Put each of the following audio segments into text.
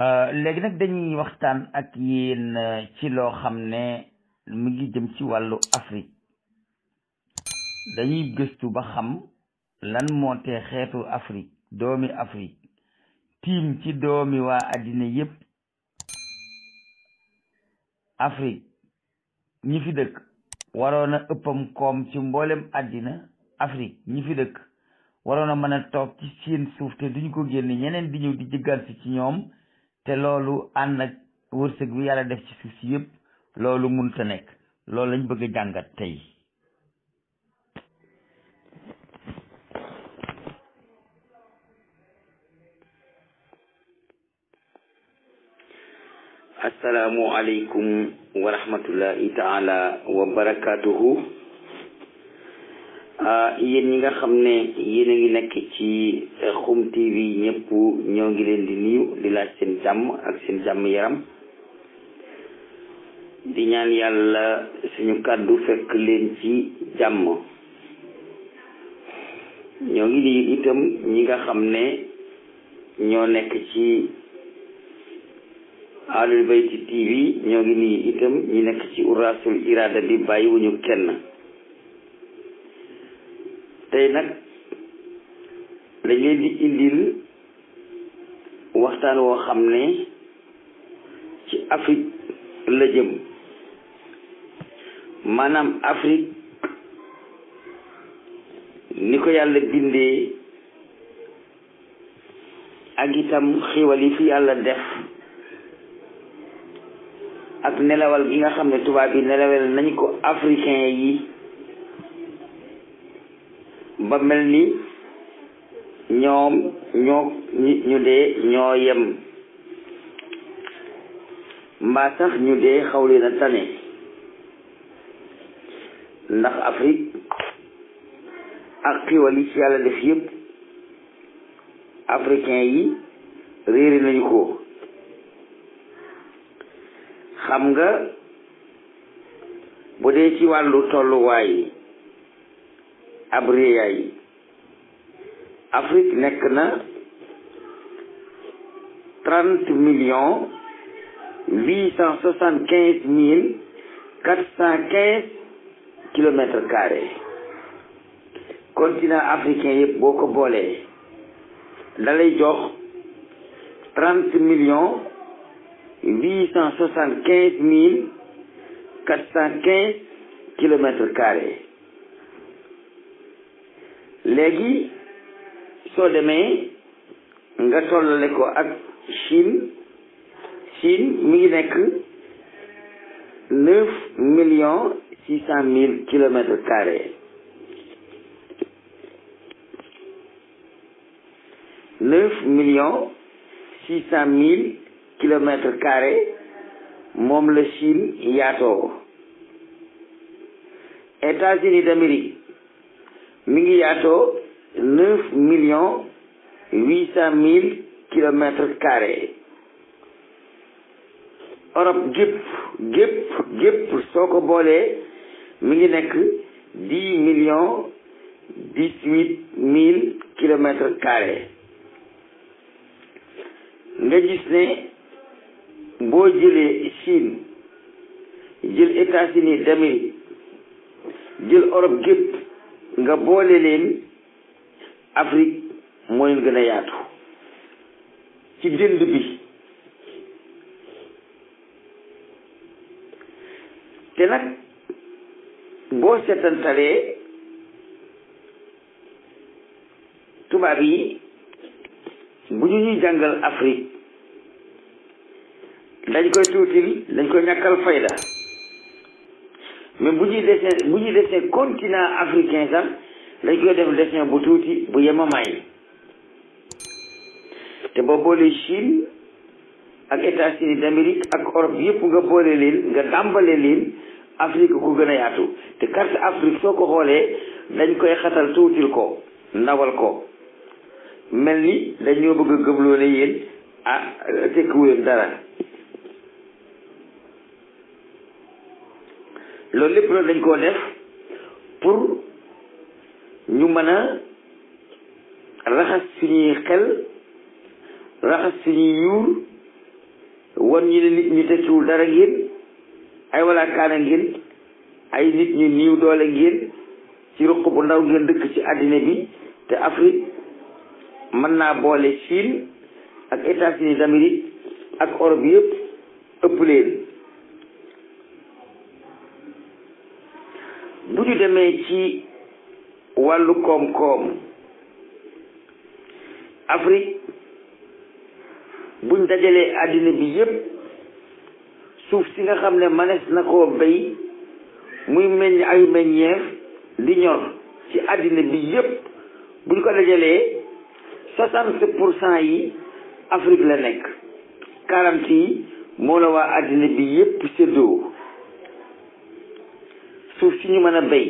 Euh, léegi nag dañuy waxtaan ak yéen euh, ci loo xam ne mu ngi jëm ci wàllu Afrique dañuy gëstu ba xam lan moo tee xeetu Afrique doomi Afrique tiim ci doomi waa àddina yépp Afrique ñi fi dëkk waroon a ëppam koom ci mboolem àddina Afrique ñi fi dëkk waroon a mën a toog ci seen suuf te duñ ko génn ñeneen di ñëw di jëggaan si ci ñoom te loolu ànd ak wërsëg bi yàlla def ci suuf si loolu munta nekk loolu lañ bëgg a jàngat tey asalaamualeykum wa rahmatullahi taala wa ak ñi nga xam ne yéen a ngi nekk ci Xum eh, TV ñëpp ñoo ngi leen di nuyu di laaj seen jàmm ak seen jàmm yaram di ñaan yàlla suñu kàddu fekk leen ci jàmm ñoo ngi nuyu itam ñi nga xam ne ñoo nekk ci Ahlul Bayti TV ñoo ngi nuyu itam ñi nekk ci urasul irada bi bàyyiwuñu kenn tey nag dañ di indil waxtaan woo xam ne ci Afrique la jëm maanaam Afrique ni ko yàlla bindee ak itam xiwal yi fi yàlla def ak nelawal gi nga xam ne tubaab yi nelawal nañ ko africain yi ba mel ni ñoom ñoo ñu dee ñoo yem mbaa sax ñu dee xaw leen a tane ndax Afrique ak xiwal yi ci yàlla def yëpp africain yi réeri nañu ko xam nga bu dee ci wàllu tolluwaay yi abriya yi Afrique nekk na trente millions huit cent soixante quinze mille quatre cent quinze kilomètres carrés continent africain yëpp boo ko boolee dalay jox trente millions huit cent soixante quinze mille quatre cent quinze kilomètres léegi soo demee nga tollale ko ak Chine Chine mi ngi nekk neuf millions six cent mille kilomètres neuf millions six cent mille kilomètres carrés moom la Chine yaatoo États-Unis mi ngi yaatoo neuf millions huit cent mille kilomètres carrés Europe gépp gépp gépp soo ko boolee mi ngi nekk dix millions dix huit mille kilomètres carrés nga gis ne boo jëlee Chine jël États-Unis d'Amérique jël Europe gépp nga boole leen Afrique moo gën a yaatu ci dënd bi te nag boo seetantalee tubaab yi bu ñu ñuy jàngal Afrique dañ koy tuutil dañ koy ñàkkal fayda mais bu ñuy dessin bu ñuy dessin continent africain sax dañ koy def dessin bu tuuti bu yemamaay te boo boole Chine ak États-Unis d'Amérique ak Europe yëpp nga boole leen nga dàmbale leen Afrique ku gën a yaatu te carte Afrique soo ko xoolee dañ koy xatal tuutil ko ndawal ko mel ni dañoo bëgg a gëmloo ne yéen ah tekkiwuleen dara loolu lépp loolu dañ koo def pour ñu mën a raxas suñuy xel raxas suñuy yuur wan ñu ne nit ñu tekkiwul dara ngeen ay walla kaana ngeen ay nit ñu niiw doole ngeen ci ruq bu ndaw ngeen dëkk ci àddina bi te Afrique mën naa boole Chine ak États-Unis d'Amérique ak Europe yëpp ëpp leen bu ñu demee ci wàllu koom-koom Afrique buñ dajalee àddina bi yépp suuf si nga xam ne manees na koo bay muy meññ ay meññeef di ñor ci àddina bi yépp buñ ko dajalee soixante pour cent yi Afrique la nekk quarante yi moo la waa àddina bi yépp séddoo suuf si ñu mën a bay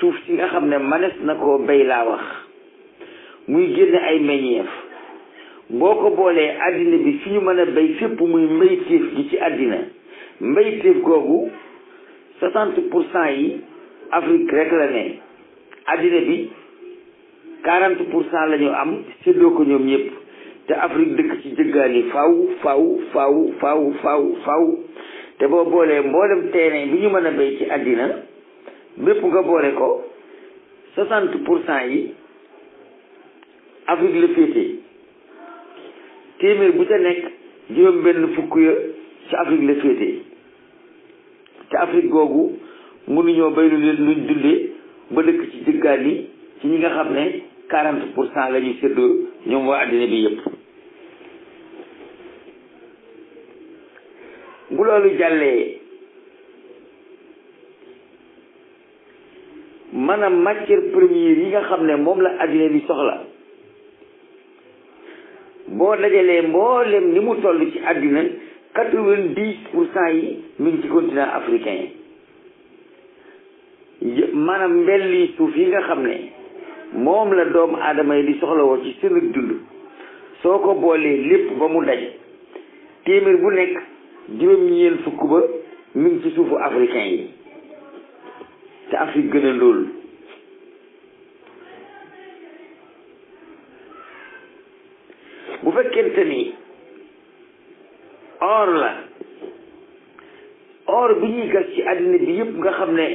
suuf si nga xam ne manes na koo béy laa wax muy génn ay meññeef boo ko boolee àddina bi fi ñu mën a béy fépp muy mbéyteef gi ci àddina mbéyteef googu soixante pour cent yi Afrique rek la ne àddina bi quarante pour cent la ñu am séddoo ko ñoom ñëpp te Afrique dëkk ci jëggaani faw faw faw faw faw faw te boo boolee mboolem terrain bi ñu mën a béy ci àddina bépp nga boole ko soixante pour cent yi Afrique la féetee téeméer bu ca nekk juróom benn fukk ya ci Afrique la féetee te Afrique googu mënuñoo béy lu luñ dundee ba dëkk ci jëggaan yi ci ñi nga xam ne quarante pour cent la ñuy séddoo ñoom waa àddina bi yépp bu loolu jàllee maanaam matière première yi nga xam ne moom la adduna bi soxla boo dajalee mboolem ni mu toll ci adduna quatre-vingt-dix pour cent yi mi ngi ci continent africain yi maanaam mbelli suuf yi nga xam ne moom la doomu aadama yi di woo ci seen dund soo ko boolee lépp ba mu daj téeméer bu nekk juróom-ñeent fukk ba mi ngi ci suufu africain yi te Afrique gën a lool bu fekkente ni or la or bi ñuy gas ci àddina bi yëpp nga xam ne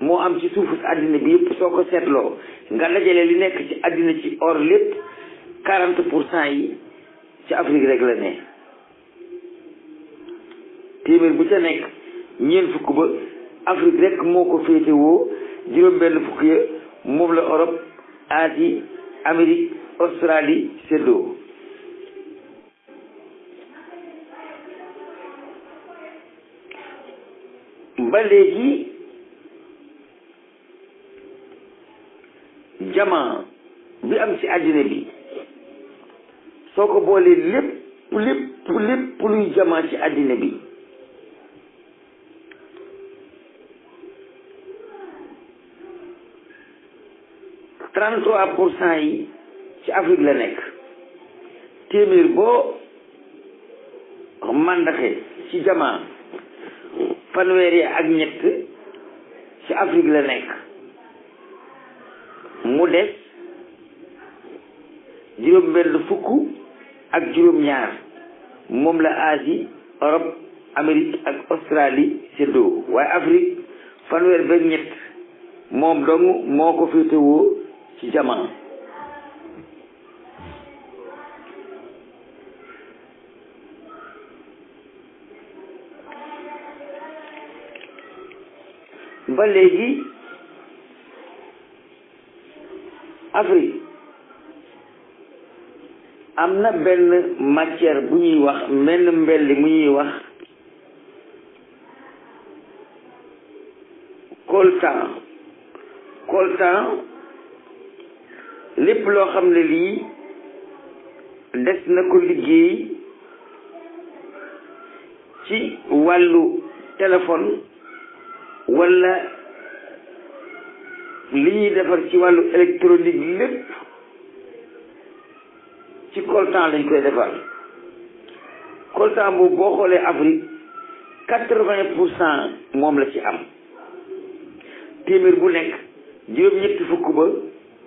moo am ci suufu àddina bi yëpp soo ko seetloo nga dajale li nekk ci àddina ci or lépp quarante pour cent yi ci Afrique rek la ne téeméer bu ca nekk ñeent fukk ba Afrique rek moo ko féete woo juróom-benn fukk ya moom la Europe Asie Amérique Australie séddoo ba léegi jamaa bi am ci àddina bi soo ko boolee lépp lépp lépp luy jamaa ci àddina bi 33 pour cent yi ci Afrique la nekk téeméer boo mandaxe ci jamaa fanweer yi ak ñett ci Afrique la nekk mu des juróom benn fukk ak juróom ñaar moom la Asie Europe Amérique ak Australie séddoo waaye Afrique fanweer ba ñett moom dong moo ko féetewoo ci jamono ba léegi Afrique am na benn matière bu ñuy wax benn mbelli mu ñuy wax lépp loo xam ne lii des na ko liggéey ci wàllu téléphone walla li ñuy defar ci wàllu électronique lépp ci coltan lañ koy defar coltan boobu boo xoolee Afrique quatre-vingt pour cent moom la ci am téeméer bu nekk juróom-ñetti fukk ba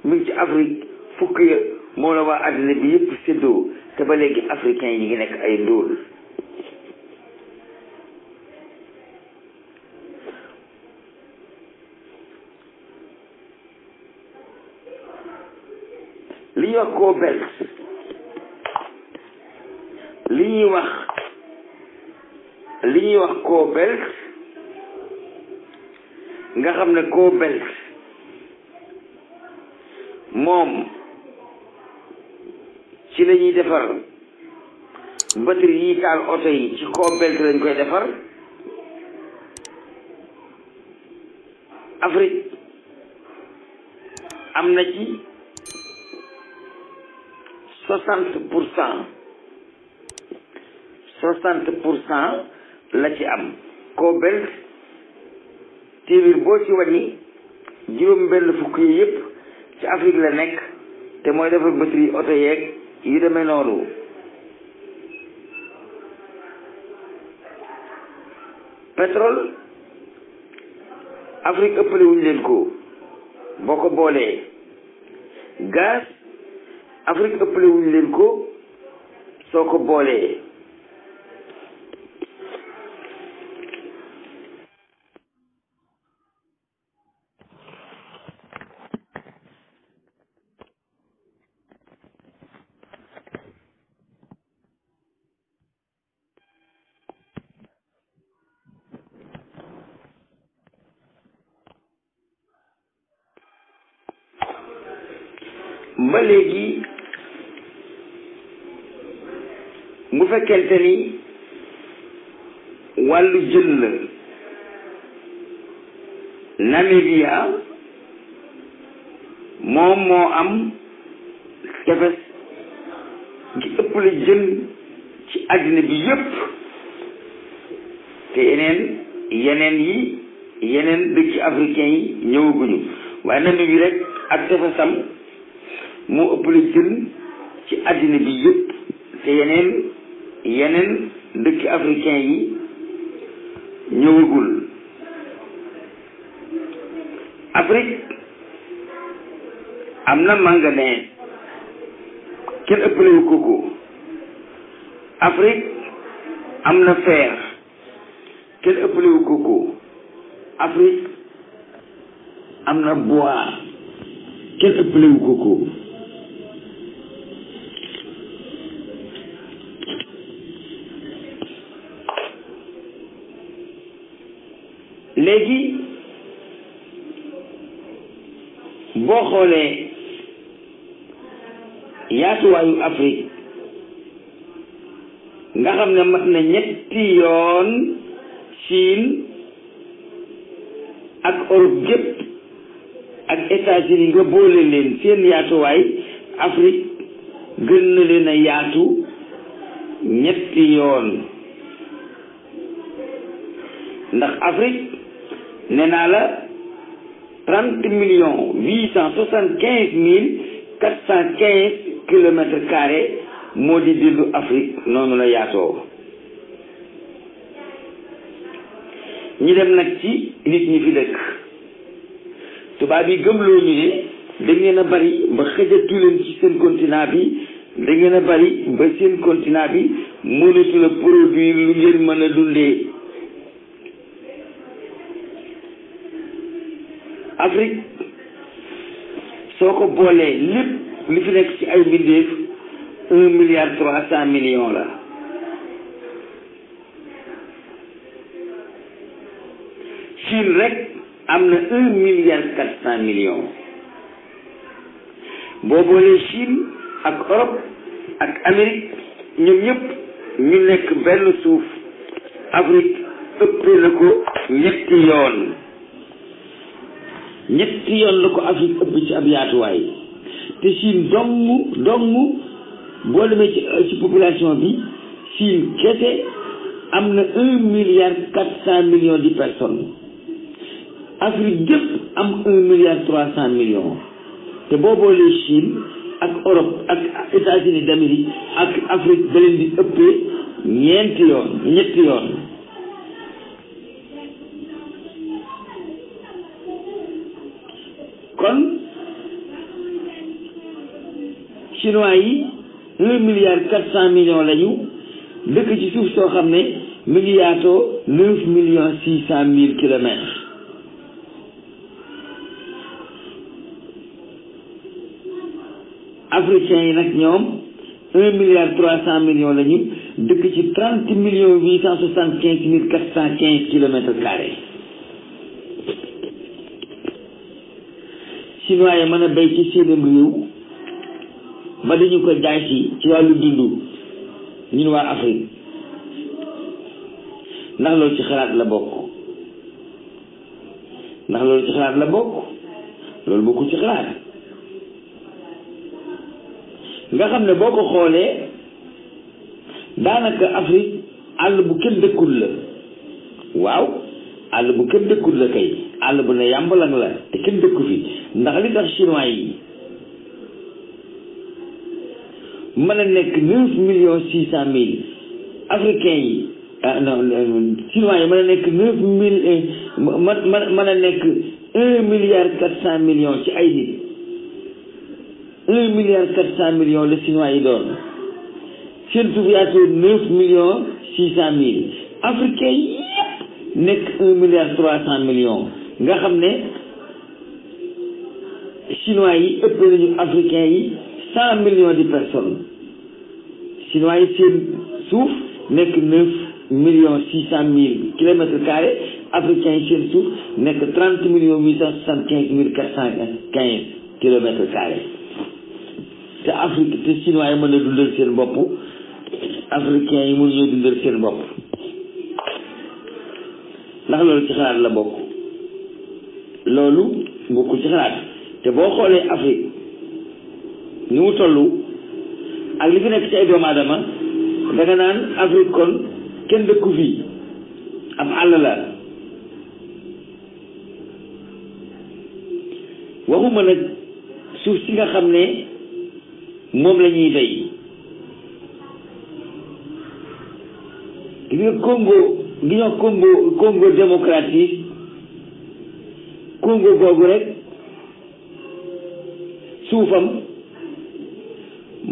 mi ngi ci Afrique fukk ya moo la waa àddina bi yëpp séddoo te ba léegi africain yi ñu ngi nekk ay ndóol li ñuy koo belt li ñuy wax li ñuy wax koo belt nga xam ne koo belt moom ci la ñuy defar batterie yi taal oto yi ci kaw belt lañ koy defar Afrique am na ci soixante pour cent soixante pour cent la ci am kaw belt boo ci wàññi juróom benn fukk yi yëpp ci Afrique la nekk te mooy defar batterie oto yeeg yi demee noonu petrol Afrique ëppale wuñu leen ko boo ko boolee gaz Afrique ëppale wuñu leen ko soo ko boolee ba léegi bu fekkente ni wàllu jël la Namibia moom moo am tefes gi ëpp la jën ci àddina bi yépp te yeneen yeneen yi yeneen dëkk africain yi ñëwaguñu waaye Namibia rek ak tefesam moo ëpple la ci àddina bi yëpp te yeneen yeneen dëkki africain yi ñëwagul Afrique am na mangané kenn ëppalewu koko Afrique am na fer kenn ëppalewu koko Afrique am na bois kenn ëppalewu koko léegi boo xoolee yaatuwaayu Afrique nga xam ne mat na ñetti yoon Chine ak Europe gépp ak États-Unis nga boole leen seen yaatuwaay Afrique gën na leen a yaatu ñetti yoon ndax Afrique ne naa la trente millions huit cent soixante quinze mille quatre cent quinze kilomètres carrés moo di dillu Afrique noonu la yaatoo ñu dem nag ci nit ñi fi dëkk tubaab bi gëmloo ñu ne da ngeen bari ba xëjatu leen ci seen continent bi da ngeen a bari ba seen continent bi mënatu la produire lu ngeen mën a dundee Afrique soo ko boolee lépp li fi nekk ci ay mbindeef un milliard trois cent millions la Chine rek am na milliard quatre cent millions boo boolee Chine ak Europe ak Amérique ñoom ñëpp ñu nekk benn suuf Afrique ëppee na ko ñetti yoon ñetti yoon la ko Afrique ëpp ci ab yaatuwaay te Chine dong dong boo demee ci euh, ci population bi Chine kese am na un milliard quatre cent millions de personnes Afrique gépp am un milliard trois cent millions te boo boolee Chine ak Europe ak États-Unis d'Amérique ak Afrique da di ëppee ñeenti yoon ñetti yoon chinois yi un milliard quatre cent lañu dëkk ci suuf soo xam ne mi ngi yaatoo neuf millions six cent mille kilomètres africains yi nag ñoom un milliard trois cent millions lañu dëkk ci trente millions huit cent soixante quinze mille quatre cent quinze kilomètres carrés chinois yi mën a béy ci seenam réew ba dañu ko jaay si ci wàllu dund ñun waa Afrique ndax loolu ci xalaat la bokk ndax lool ci xalaat la bokk loolu bokkul ci xalaat nga xam ne boo ko xoolee daanaka Afrique àll bu kenn dëkkul la waaw àll bu kenn dëkkul la kay àll bu ne yàmbalang la te kenn dëkku fi ndax li tax chinois yi mën a nekk neuf millions six cent mille africains yi ah non chinois yi mën a nekk neuf mille man nekk un milliard cent millions ci ay nit un milliard quatre cent millions la chinois yi doon seen population neuf millions six cent mille africains yi nekk un milliard trois cent millions nga xam ne chinois yi ëpp nañu africains yi cent millions de personnes chinois seen suuf nekk neuf millions six cent mille kilomètres carrés africains seen suuf nekk trente millions huit cent soixante quinze mille quatre cent quinze kilomètres carrés te Afrique te chinois yi mën a dundal seen bopp africains yi mënuñoo dundal seen bopp ndax loolu ci xalaat la bokk loolu bokkul ci xalaat te boo xoolee Afrique ni mu toll ak li fi nekk ci ay doomu aadama naan Afrique kenn dëkku fii am àll la waxuma nag suuf si nga xam ne moom la ñuy bay li nga Congo gi ñoo Congo Congo démocratique Congo googu rek suufam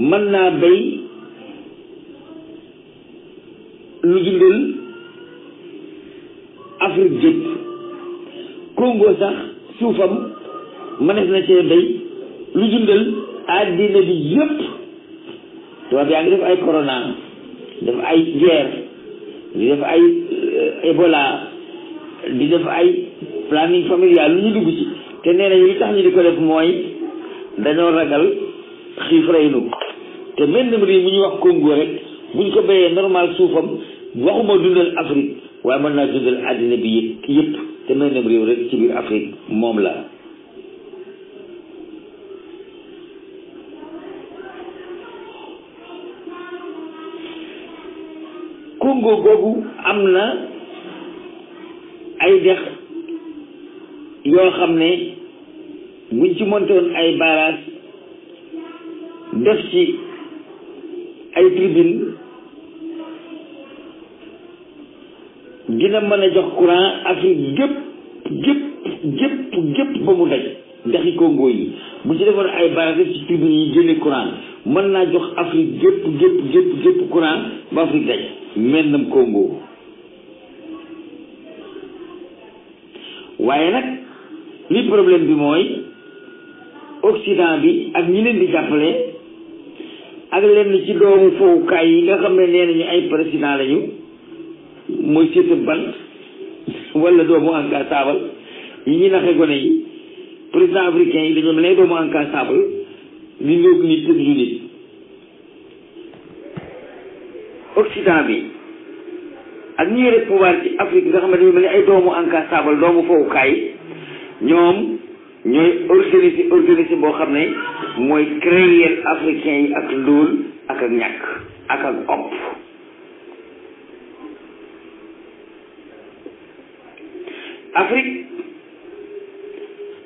mën naa bay lu dundal Afrique jëpp Congo sax suufam mënees na cee lu dundal àddina bi yëpp tubaab yaa ngi def ay corona def ay guerre di def ay euh, Ebola di def ay planning familial lu ñu dugg ci te nee nañu li tax ñu di ko def mooy dañoo ragal xiif rey te mbënd mi mu ñuy wax Congo rek bu ñu ko béyee normal suufam waxuma dundal Afrique waaye mën naa dundal àddina bi yëpp yëpp te mbëndam réew rek ci biir Afrique moom la Congo googu am na ay dex yoo xam ne buñ ci montoon ay barrage def ci ay tribune dina mën a jox courant Afrique gépp gépp gépp gépp ba mu daj ndaxi Congo yi bu ci defoon ay barrage ci tribune yi génne courant mën naa jox Afrique gépp gépp gépp gépp courant ba Afrique daj mennam Congo waaye nag li problème bi mooy Occident bi ak ñi leen di jàppale ak lenn ci doomu fowukaay yi nga xam ne nee nañu ay président lañu mooy séeta bal wala doomu anka saabal yi ñuy naxe gone yi président africain yi dañoo lay doomu bi ak ñi yore pouvoir ci ne ay doomu anka saabal doomu fowukaay ñoom ñooy organiser organiser boo xam ne mooy créer africain yi ak ndóol ak ak ñàkk ak ak opp Afrique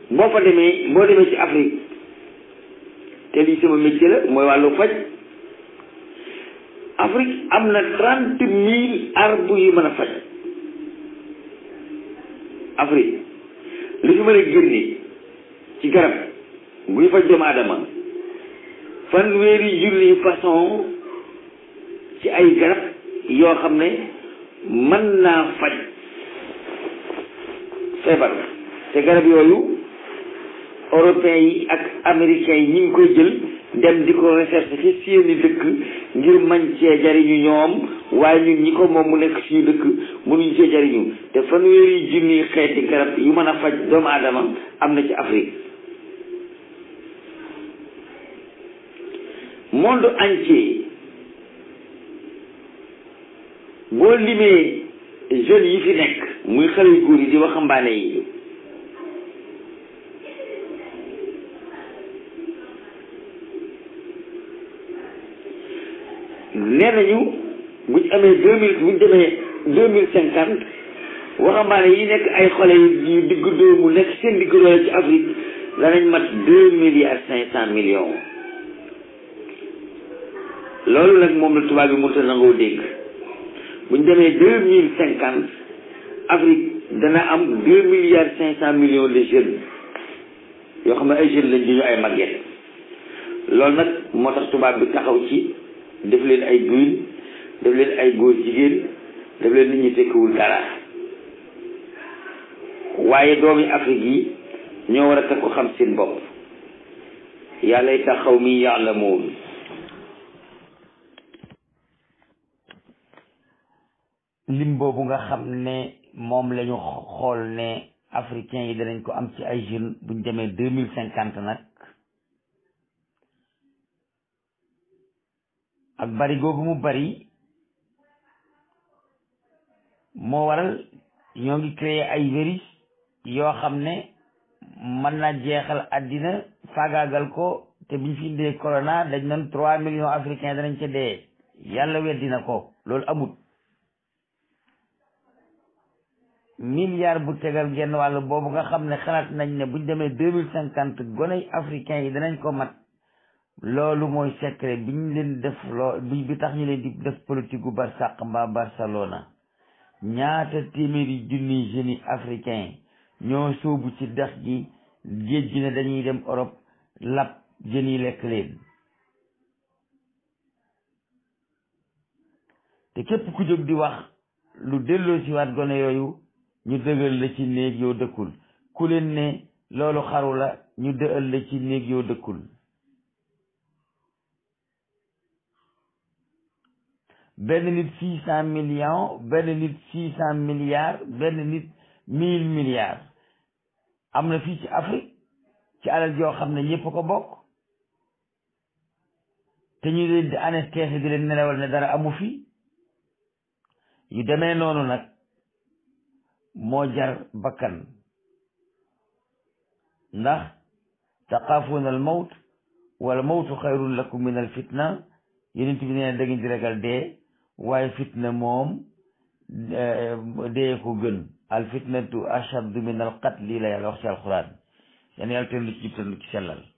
boo fa demee boo demee ci Afrique te lii sama métier la mooy wàllu faj Afrique am na trente mille arbu yu mën a faj Afrique li fi mën a génne ci garab buy faj doomu aadama fanweeri julli façon ci ay garab yoo xam ne mën naa faj feebar te garab yooyu européens yi ak américains yi ñu ngi koy jël dem di ko recherche ci seeni dëkk ngir mañ cee jariñu ñoom waaye ñun ñi ko moom mu nekk suñu dëkk mënuñu cee jariñu te fanweeri junni xeeti garab yu mën a faj doomu aadama am na ci Afrique monde entier boo limee jeunes yi fi nekk muy xale yu góor yi di waxambaane yi nee nañu bu ñu amee demee deux mille cinquante waxambaane yi nekk ay xale yu diggu dóomu nekk seen diggu doole ci Afrique danañ mat deux milliards cinq cent millions loolu nag moom la tubaab bi mënut a nangoo dégg bu ñu demee deux mille cinquante Afrique dana am deux milliards cinq cent millions de jeunes yoo xam ne ay jeunes lañ di ñu ay màgget loolu nag moo tax tubaab bi taxaw ci def leen ay buy def leen ay góor jigéen def leen nit ñi tekkiwul dara waaye doomi Afrique yi ñoo war a ko xam seen bopp yàlla tax xaw yàlla ya'lamuun lim boobu nga xam ne moom la xool ne africains yi danañ ko am ci ay jeunes buñ demee deux mille cinquante nag ak bari googu mu bari moo waral ñoo ngi créé ay virus yoo xam ne mën na jeexal àddina faagaagal ko te biñ fi indee corona dañ doon trois millions africains danañ ca dee yàlla weddi ko loolu amut milliard bu tegal genn wàll boobu nga xam ne xalaat nañ ne buñ demee deux mille cinquante goney africain yi danañ ko mat loolu mooy secret biñ leen def loo bi tax ñu leen di def politique gu Barsàq mbaa Barcelona ñaata téeméeri junniy jeunes africain ñoo sóobu ci dex gi géej gi dañuy dem Europe lab jën lekk leen te képp ku jóg di wax lu delloo si waat gone yooyu ñu dëgal la ci néeg yoo dëkkul ku leen ne loolu xaru la ñu dëgal la ci néeg yoo dëkkul benn nit six cent millions benn nit six cent milliards benn nit mille milliards am na fii ci Afrique ci alal yoo xam ne ñëpp ko bokk te ñu leen di anesthésie di leen nelawal ne dara amu fi yu demee noonu nag moo jar bakkan ndax taqaafuuna al mawt wala mawtu xayrun lakum min al fitna yonent bi nee di ragal dee waaye fitna moom eh, dee ko gën al fitnatu min al qatli la yàlla wax ci alquran yàlla yàlla teel lu ci sellal